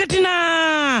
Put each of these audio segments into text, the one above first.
yëkkati naa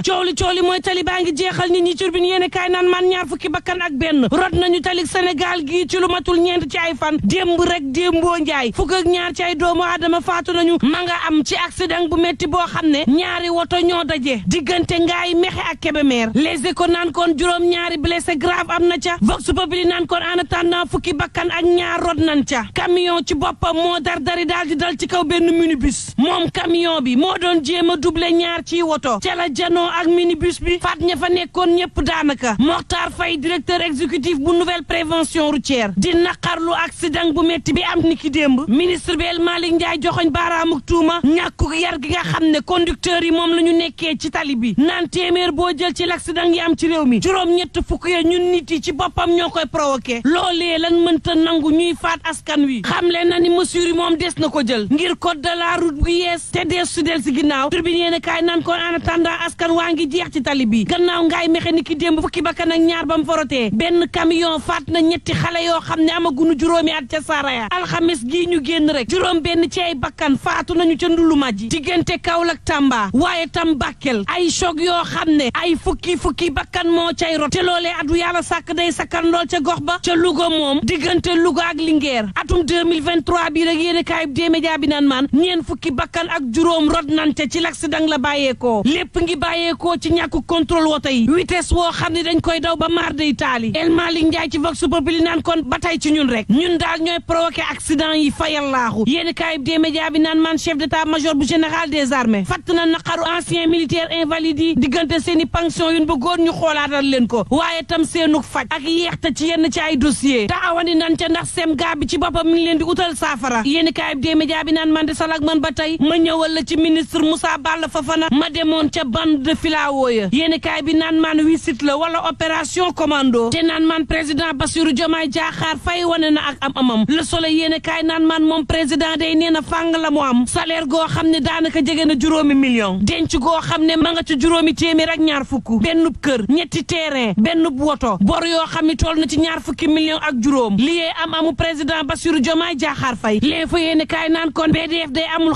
Touba coow li coow li mooy tali baa ngi jeexal nit ñi turbine yéen kaay naan man ñaar fukki bakkan ak benn rot nañu tali senegal gi ci lu matul ñeent ci ay fan démb rek démboo njaay fukk ak ñaar ci ay doomu aadama faatu nañu ma nga am ci accident bu metti boo xam ne ñaari woto ñoo daje diggante ngaay mexe ak Kébémer les ko naan kon juróom ñaari blessé grave am na ca vox populi naan kon en attendant fukki bakkan ak ñaar rot nañ ca camion ci boppam moo dar dari di dal ci kaw benn minibus moom camion bi moo doon jéem a doublé ñaar ci woto ca la ak minibus bi faat ña fa nekkoon ñëpp daanaka Mokhtar Faye directeur exécutif bu nouvelle prévention routière di naqarlu accident bu metti bi am ni ki démb ministre bi El Malick Ndiaye joxoñ baaraamuk tuuma ñàkkuk yar gi nga xam ne conducteurs yi moom la ñu nekkee ci tali bi naan téeméer boo jël ci l'accident yi am ci réew mi juróom-ñett fukk ya ñun nit yi ci boppam ñoo koy provoqué loolee lan mënta nangu ñuy faat askan wi xamle na ni mesures yi moom des na ko jël ngir code de la route bu yees su del si ginnaaw tribune yéen kaay ko en attendant askan waa ngi jeex ci tali bi gannaaw ngaay mexe ni ki démb fukki bakkan ak ñaar bam mu forotee benn camion faat na ñetti xale yoo xam ne amagunu juróomi at ca Saraya alxames gii ñu génn rek juróom benn ci ay bakkan faatu nañu ca ndulu majji diggante Kaolack Tamba waaye tam Bakel ay choc yoo xam ne ay fukki fukki bakkan moo cay rot te loolee atu yàlla sàkk day sakkan lool ca gox ba ca Louga moom diggante Louga ak Linguère atum 2023 bii rek yéen kaayub dee média bi naan maan ñeen fukki bakkan ak juróom rot nante ci l'accident la bàyyeekoo lépp bàyyeekoo ci ñàkk contrôle woto yi vitesse woo xam ne dañ koy daw ba maar day taali El Malick Ndiaye ci Vox Populi naan kon ba ci ñun rek ñun daal ñooy provoqué accident yi fayal laaxu yéeni kaay bi dee média bi naan man chef d'état major bu général des armées fatt na naqaru ancien militaire invalide yi diggante seeni pension yun bëggoon ñu xoolaatal leen ko waaye tam seenuk faj ak yeexte ci yenn ci ay dossier taxawani nan ca ndax sem gaa ci boppam mi ngi leen di utal saafara yéeni kaay bi dee bi naan man de salak man ba tey ma ñëwal la ci ministre Moussa Balla Fofana ma demoon ca bande de filao ya yéen kaay bi naan maan wisit la wala opération commando te naan maan président Bassirou Diomaye Diakhar Faye wane na ak am amam le soleil yéen kaay naan maan moom président day nee na fàng la mu am salaire goo xam ne daanaka jege na juróomi million denc goo xam ne ma nga ci juróomi téeméer rek ñaar fukk bennub kër ñetti terrain bennub woto bor yoo xam ne toll na ci ñaar fukki million ak juróom liyee am amu président Bassirou Diomaye Diakhar Faye lee fa yéen kaay naan kon BDF day amul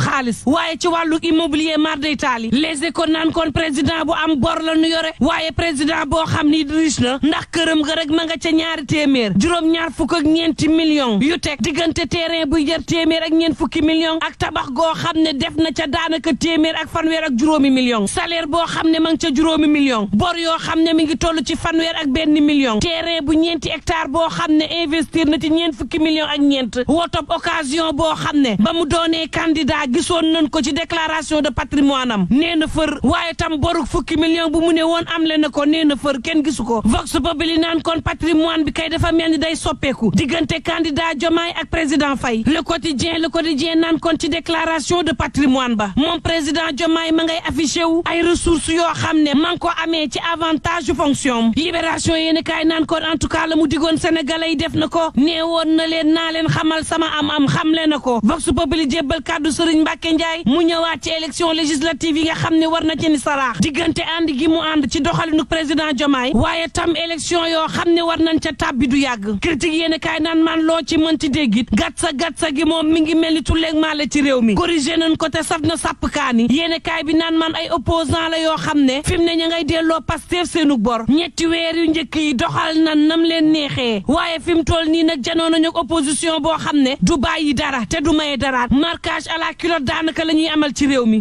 président bu am bor la nu yore waaye président boo xam ni riche ndax këram nga rek ma nga ca ñaari téeméer juróom-ñaar fukk ak ñeenti million yu teg diggante terrain bu jar téeméer ak ñeent fukki million ak tabax goo xam ne def na ca daanaka téeméer ak fan weer ak juróomi million salaire boo xam ne ma nga ca juróomi million bor yoo xam ne mi ngi toll ci fanweer ak benn million terrain bu ñeenti hectare boo xam ne investir na ci ñeent fukki million ak ñeent wotob occasion boo xam ne ba mu doonee candidat gisoon nañ ko ci déclaration de patrimoine boruk fukki million bu mu ne woon am le na ko nee na fër kenn gisu ko vox populi naan kon patrimoine bi kay dafa mel ni day soppeeku diggante candidat Diomaye ak président Faye le quotidien le quotidien naan kon ci déclaration de patrimoine ba moom président Diomaye ma ngay affiché wu ay ressources yoo xam ne ma ko amee ci avantage fonction libération yéen kaay naan kon en tout cas la mu digoon sénégalais yi def na ko nee woon na leen naa leen xamal sama am-am xamle na ko vox populi jébbal kàddu Serigne Mbacke Ndiaye mu ñëwaat ci élection législative yi nga xam ne war na ci ni saraax diggante ànd gi mu ànd ci doxalinu président Diomaye waaye tam élection yoo xam ne war nañ ca tàbbi du yàgg critique yéen kaay naan man loo ci mënti déggit gatsa gatsa gi moom mi ngi mel ni tulleeg maale ci réew mi corrigé nañ ko te saf na sàpp kaani yéen kaay bi naan man ay opposant la yoo xam ne fi mu ne ña ngay delloo Pastef seenu bor ñetti weer yu njëkk yi doxal nan nam leen neexee waaye fi mu toll nii nag janoo nañu opposition boo xam ne du bàyyi dara te du maye dara marquage à la culotte daanaka la amal ci réew mi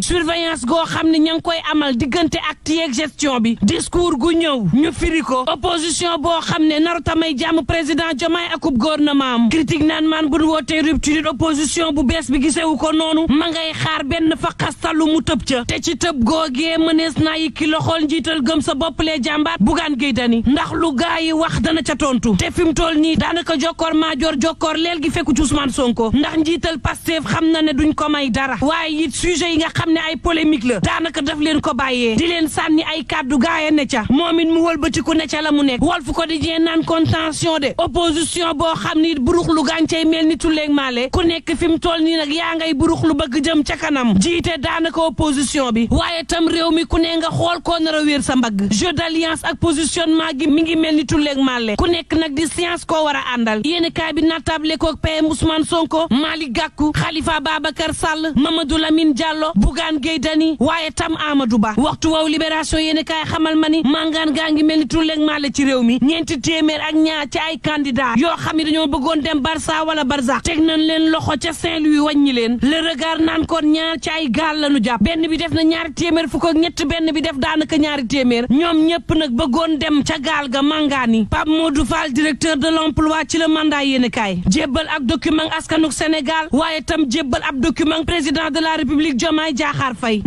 diggante acte yeeg gestion bi discours gu ñëw ñu firi ko opposition boo xam ne naru may jàmm président Diomaye akub gouvernement am critique naan maan bu nu wootee rupture opposition bu bees bi gisewu ko noonu ma ngay xaar benn fa xastalu mu tëb ca te ci tëb googee mënees naa yi ki loxool njiital gëm sa bopp lee jàmbaat bugaan géy dani ndax lu gaa wax dana ca tontu te fi mu toll nii daanaka jokkoor maajoor jokkoor leel gi fekku ci Ousmane Sonko ndax njiital Pastef xam na ne duñ ko may dara waaye it sujet yi nga xam ne ay polémique la daanaka daf leen ko bàyyee di leen sànni ay kàddu gaaya ne ca moom it mu wëlbatiku ne ca la mu nekk Walf Quotidien naan contention de opposition boo xam ni burux lu gàncey mel ni tulleeg maale ku nekk fi mu toll nii nag yaa ngay burux lu bëgg jëm ca kanam jiite daanaka opposition bi waaye tam réew mi ku ne nga xool koo nar a wéer sa mbagg jeu d'alliance ak positionnement gi mi ngi mel ni tulleeg maale ku nekk nag di science koo war a àndal yéen kaay bi nattable ko PM Ousmane Sonko Malick Gakou Khalifa Babacar Sall Mamadou Lamine Diallo Bougane Gueye Dany waaye tam Amadou Ba waxtu waaw libération yéen i kaay xamal ma ni mangaan gaa ngi mel ni tulleeg maale ci réew mi ñeenti téeméer ak ñaar ci ay candidat yoo xam ne dañoo bëggoon dem Barça wala Barça teg nañ leen loxo ca Saint-Louis wàññi leen le regard naan kon ñaar ci ay gaal lañu jàpp benn bi def na ñaari téeméer fukk ak ñett benn bi def daanaka ñaari téeméer ñoom ñëpp nag bëggoon dem ca gaal ga mangaan yi Pape Modou Fall directeur de l'emploi ci la mandat yéen i kaay jébbal ak document askanuk Sénégal waaye tam jébbal ab document président de la République Diomaye Diakhar Faye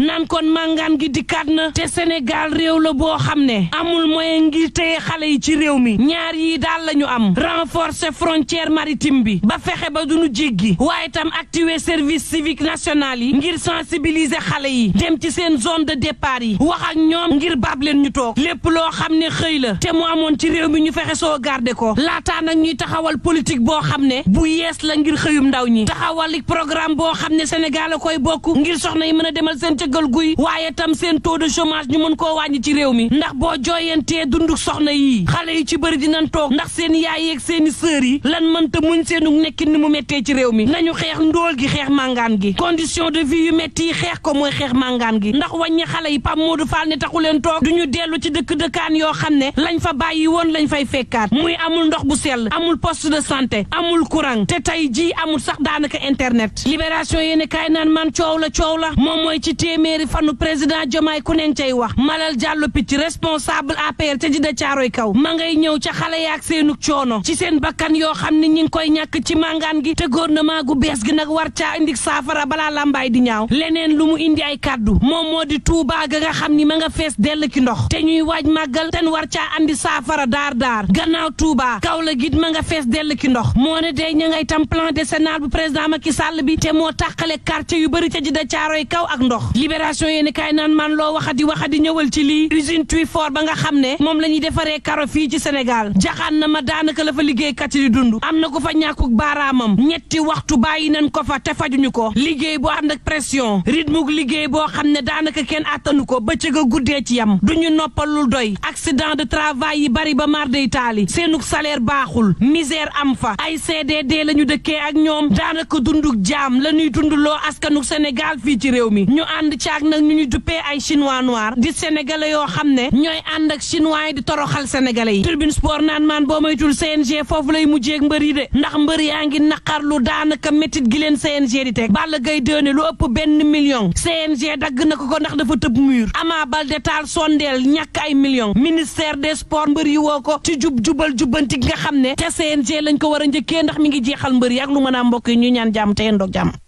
te Sénégal réew la boo xam ne amul moyen ngir téye xale yi ci réew mi ñaar yi daal lañu ñu am renforcer frontière maritime bi ba fexe ba nu jéggi waaye tam activer service civique national yi ngir sensibiliser xale yi dem ci seen zone de départ yi wax ak ñoom ngir baab leen ñu toog lépp loo xam ne xëy la te mu amoon ci réew mi ñu fexe soo garder ko laataa nag ñuy taxawal politique boo xam ne bu yees la ngir xëyum ndaw ñi taxawal programme boo xam ne Sénégal koy bokk ngir soxna yi mën a demal seen cëggal guy chômage ñu mën koo wàññi ci réew mi ndax boo jooyantee dund soxna yi xale yi ci bëri dinañ toog ndax seen yaay yeeg seeni sœur yi lan mënta muñ seenu nekkin ni mu méttee ci réew mi nañu xeex ndool gi xeex mangaan gi condition de vie yu métti yi xeex ko mooy xeex mangaan gi ndax wàññi xale yi pam Pape du Fall ne taxu leen toog du ñu dellu ci dëkk dëkkaan yoo xam ne lañ fa bàyyi woon lañ fay fekkaat muy amul ndox bu sell amul post de sante amul courant te tey jii amul sax daanaka internet libération yéene kaay naan man coow la lañ cay wax Malal Diallo Pitti responsable APR ca Jidda Caaroy Kaw ma ngay ñëw ca xale yaak seenu coono ci seen bakkan yoo xam ne ñi ngi koy ñàkk ci màngaan gi te gouvernement gu bees gi nag war ca indi saafara balaa làmbaay di ñaaw leneen lu mu indi ay kàddu moom moo di Tuubaa ga nga xam ni ma nga fees dell ki ndox te ñuy waaj màggal ten war ca indi saafara daar daar gannaaw Tuubaa kaw la git ma nga fees dell ki ndox moo ne day ña ngay tam plan décennal bu président Sall bi te moo tàqale quartier yu bëri ca Jidda Caaroy Kaw ak ndox di waxa di ñëwal ci lii usine Twyford ba nga xam ne moom lañuy defaree karo fii ci Sénégal jaxaan na ma daanaka la fa liggéeykat yi di dund am na ko fa ñàkkuk baaraamam ñetti waxtu bàyyi nañ ko fa te fajuñu ko liggéey boo ànd ak pression rythme gu liggéey boo xam ne daanaka kenn attanu ko ba bëccëg a guddee ci yam duñu noppal lu doy accident de travail yi bari ba mar day taali seenuk salaire baaxul misère am fa ay CDD la ñu dëkkee ak ñoom daanaka dunduk jaam la ñuy dundloo askanuk Sénégal fii ci réew mi ñu ànd caag nag ñu ay chinois noir di sénégalais yoo xam ne ñooy ànd ak chinois yi di toroxal sénégalais yi tribune sport naan maan boo moytul CNG foofu lay mujjeeg mbër yi de ndax mbër yaa ngi naqar lu daanaka métit gi leen CNG di teg Balla Gaye dëne lu ëpp benn million CNG dagg na ko ko ndax dafa tëb mur Ama Baldé taal sondeel ñàkk ay million ministère de sports mbër yi woo ko ci jub jubal jubbanti nga xam ne te CNG lañ ko war a njëkkee ndax mi ngi jeexal mbër yi ak lu mën a mbokk yi ñu ñaan jàmm te yendoog jàmm